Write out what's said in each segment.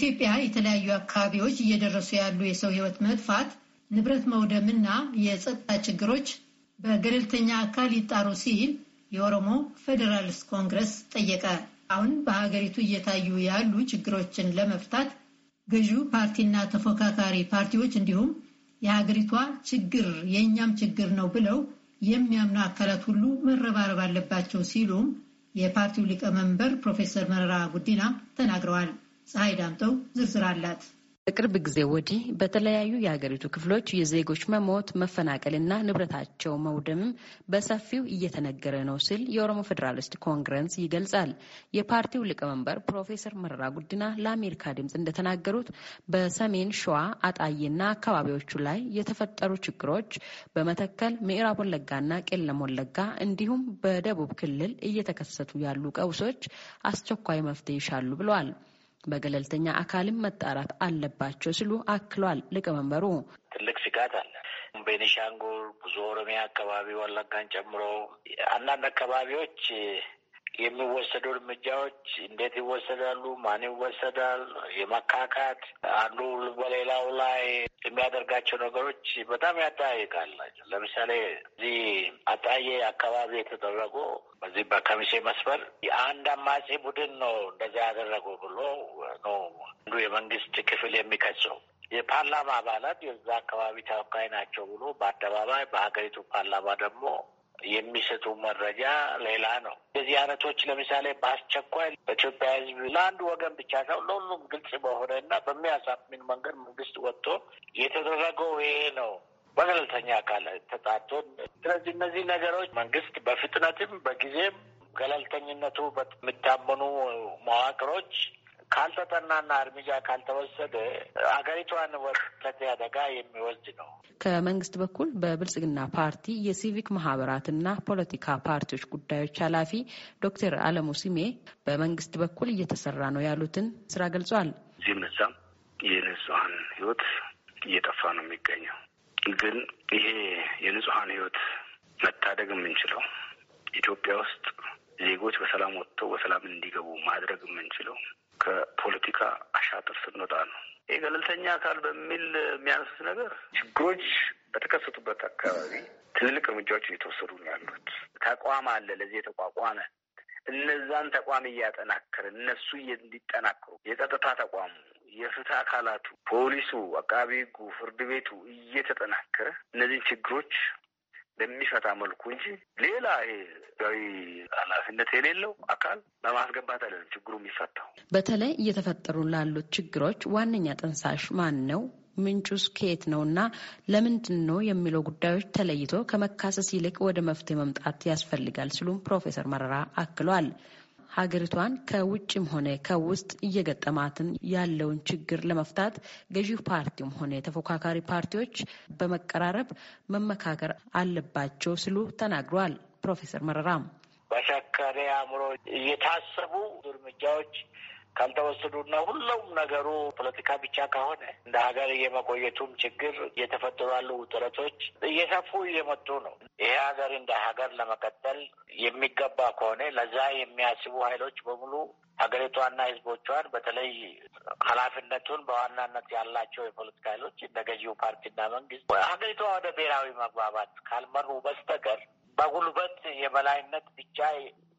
በኢትዮጵያ የተለያዩ አካባቢዎች እየደረሱ ያሉ የሰው ሕይወት መጥፋት፣ ንብረት መውደምና የጸጥታ ችግሮች በገለልተኛ አካል ይጣሩ ሲል የኦሮሞ ፌዴራልስ ኮንግረስ ጠየቀ። አሁን በሀገሪቱ እየታዩ ያሉ ችግሮችን ለመፍታት ገዢው ፓርቲና ተፎካካሪ ፓርቲዎች እንዲሁም የሀገሪቷ ችግር የእኛም ችግር ነው ብለው የሚያምኑ አካላት ሁሉ መረባረብ አለባቸው ሲሉም የፓርቲው ሊቀመንበር ፕሮፌሰር መረራ ጉዲና ተናግረዋል። ፀሐይ ዳምጠው ዝርዝር አላት። ከቅርብ ጊዜ ወዲህ በተለያዩ የሀገሪቱ ክፍሎች የዜጎች መሞት፣ መፈናቀልና ንብረታቸው መውደምም በሰፊው እየተነገረ ነው ሲል የኦሮሞ ፌዴራሊስት ኮንግረስ ይገልጻል። የፓርቲው ሊቀመንበር ፕሮፌሰር መረራ ጉዲና ለአሜሪካ ድምፅ እንደተናገሩት በሰሜን ሸዋ አጣዬና አካባቢዎቹ ላይ የተፈጠሩ ችግሮች በመተከል ምዕራብ ወለጋና ቄለም ወለጋ እንዲሁም በደቡብ ክልል እየተከሰቱ ያሉ ቀውሶች አስቸኳይ መፍትሄ ይሻሉ ብለዋል። በገለልተኛ አካልም መጣራት አለባቸው ሲሉ አክሏል ሊቀመንበሩ። ትልቅ ስጋት አለ። ቤኒሻንጉል፣ ብዙ ኦሮሚያ አካባቢ፣ ወለጋን ጨምሮ አንዳንድ አካባቢዎች የሚወሰዱ እርምጃዎች እንዴት ይወሰዳሉ? ማን ይወሰዳል? የመካካት አንዱ በሌላው ላይ የሚያደርጋቸው ነገሮች በጣም ያጠያይቃል። ለምሳሌ እዚህ አጣዬ አካባቢ የተደረጉ በዚህ በከሚሴ መስመር የአንድ አማጺ ቡድን ነው እንደዛ ያደረጉ ብሎ ነው አንዱ የመንግስት ክፍል የሚከሰው። የፓርላማ አባላት የዛ አካባቢ ተወካይ ናቸው ብሎ በአደባባይ በሀገሪቱ ፓርላማ ደግሞ የሚሰጡ መረጃ ሌላ ነው። እንደዚህ አይነቶች ለምሳሌ በአስቸኳይ በኢትዮጵያ ሕዝብ ለአንድ ወገን ብቻ ሳይሆን ለሁሉም ግልጽ በሆነ እና በሚያሳምን መንገድ መንግስት ወጥቶ የተደረገው ይሄ ነው በገለልተኛ አካል ተጣርቶ። ስለዚህ እነዚህ ነገሮች መንግስት በፍጥነትም በጊዜም ገለልተኝነቱ በሚታመኑ መዋቅሮች ካልተጠናና እርምጃ ካልተወሰደ አገሪቷን ወደ አደጋ የሚወስድ ነው። ከመንግስት በኩል በብልጽግና ፓርቲ የሲቪክ ማህበራትና ፖለቲካ ፓርቲዎች ጉዳዮች ኃላፊ ዶክተር አለሙ ሲሜ በመንግስት በኩል እየተሰራ ነው ያሉትን ስራ ገልጿል። እዚህም እዛም የንጹሀን ህይወት እየጠፋ ነው የሚገኘው። ግን ይሄ የንጹሀን ህይወት መታደግ የምንችለው ኢትዮጵያ ውስጥ ዜጎች በሰላም ወጥተው በሰላም እንዲገቡ ማድረግ የምንችለው ከፖለቲካ አሻጥር ስንወጣ ነው። ይህ ገለልተኛ አካል በሚል የሚያነሱት ነገር ችግሮች በተከሰቱበት አካባቢ ትልልቅ እርምጃዎች እየተወሰዱ ነው ያሉት። ተቋም አለ ለዚህ የተቋቋመ እነዛን ተቋም እያጠናከረ እነሱ እንዲጠናከሩ የጸጥታ ተቋሙ የፍትህ አካላቱ ፖሊሱ፣ አቃቢ ፍርድ ቤቱ እየተጠናከረ እነዚህን ችግሮች በሚፈታ መልኩ እንጂ ሌላ ይሄ ሕጋዊ ኃላፊነት የሌለው አካል በማስገባት አይደለም ችግሩ የሚፈታው። በተለይ እየተፈጠሩ ላሉት ችግሮች ዋነኛ ጠንሳሽ ማን ነው? ምንጩስ ከየት ነው እና ለምንድን ነው የሚለው ጉዳዮች ተለይቶ ከመካሰስ ይልቅ ወደ መፍትሄ መምጣት ያስፈልጋል ሲሉም ፕሮፌሰር መረራ አክሏል። ሀገሪቷን ከውጭም ሆነ ከውስጥ እየገጠማትን ያለውን ችግር ለመፍታት ገዢው ፓርቲም ሆነ ተፎካካሪ ፓርቲዎች በመቀራረብ መመካከር አለባቸው ሲሉ ተናግሯል ፕሮፌሰር መረራም በሸከሬ አእምሮ እየታሰቡ እርምጃዎች ካልተወሰዱና ሁሉም ነገሩ ፖለቲካ ብቻ ከሆነ እንደ ሀገር የመቆየቱም ችግር እየተፈጠሩ ያሉ ውጥረቶች እየሰፉ እየመጡ ነው። ይሄ ሀገር እንደ ሀገር ለመቀጠል የሚገባ ከሆነ ለዛ የሚያስቡ ኃይሎች በሙሉ ሀገሪቷና ሕዝቦቿን በተለይ ኃላፊነቱን በዋናነት ያላቸው የፖለቲካ ኃይሎች እንደ ገዢው ፓርቲና መንግስት ሀገሪቷ ወደ ብሔራዊ መግባባት ካልመሩ በስተቀር በጉልበት የበላይነት ብቻ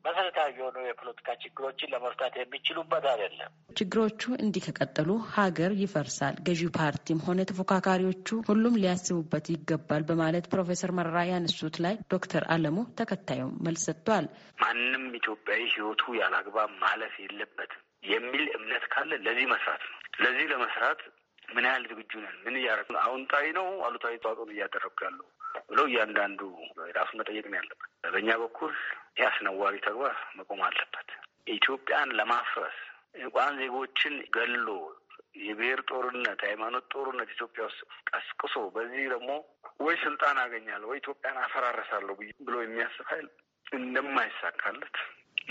መሰረታዊ የሆኑ የፖለቲካ ችግሮችን ለመፍታት የሚችሉበት አይደለም። ችግሮቹ እንዲህ ከቀጠሉ ሀገር ይፈርሳል። ገዢው ፓርቲም ሆነ ተፎካካሪዎቹ ሁሉም ሊያስቡበት ይገባል በማለት ፕሮፌሰር መረራ ያነሱት ላይ ዶክተር አለሙ ተከታዩም መልስ ሰጥቷል። ማንም ኢትዮጵያዊ ህይወቱ ያላግባብ ማለፍ የለበትም የሚል እምነት ካለ ለዚህ መስራት ነው። ለዚህ ለመስራት ምን ያህል ዝግጁ ነን፣ ምን እያደረግ አዎንታዊ ነው አሉታዊ ተዋጽኦ ነው እያደረጉ ያለው ብለው እያንዳንዱ የራሱ መጠየቅ ነው ያለበት። በእኛ በኩል ይህ አስነዋሪ ተግባር መቆም አለበት። ኢትዮጵያን ለማፍረስ እንኳን ዜጎችን ገሎ የብሔር ጦርነት፣ ሃይማኖት ጦርነት ኢትዮጵያ ውስጥ ቀስቅሶ በዚህ ደግሞ ወይ ስልጣን አገኛለሁ ወይ ኢትዮጵያን አፈራረሳለሁ ብሎ የሚያስብ ኃይል እንደማይሳካለት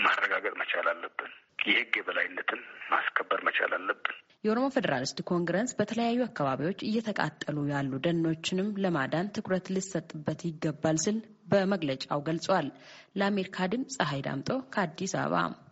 ማረጋገጥ መቻል አለብን። የህግ የበላይነትን ማስከበር መቻል አለብን። የኦሮሞ ፌዴራሊስት ኮንግረስ በተለያዩ አካባቢዎች እየተቃጠሉ ያሉ ደኖችንም ለማዳን ትኩረት ሊሰጥበት ይገባል ሲል በመግለጫው ገልጿል። ለአሜሪካ ድምፅ ፀሐይ ዳምጦ ከአዲስ አበባ